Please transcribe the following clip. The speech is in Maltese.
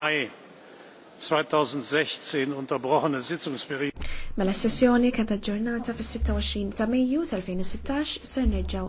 mai 2016 Mela sessjoni kienet aġġornata fis-26 ta' Mejju tal-2016 ser nerġgħu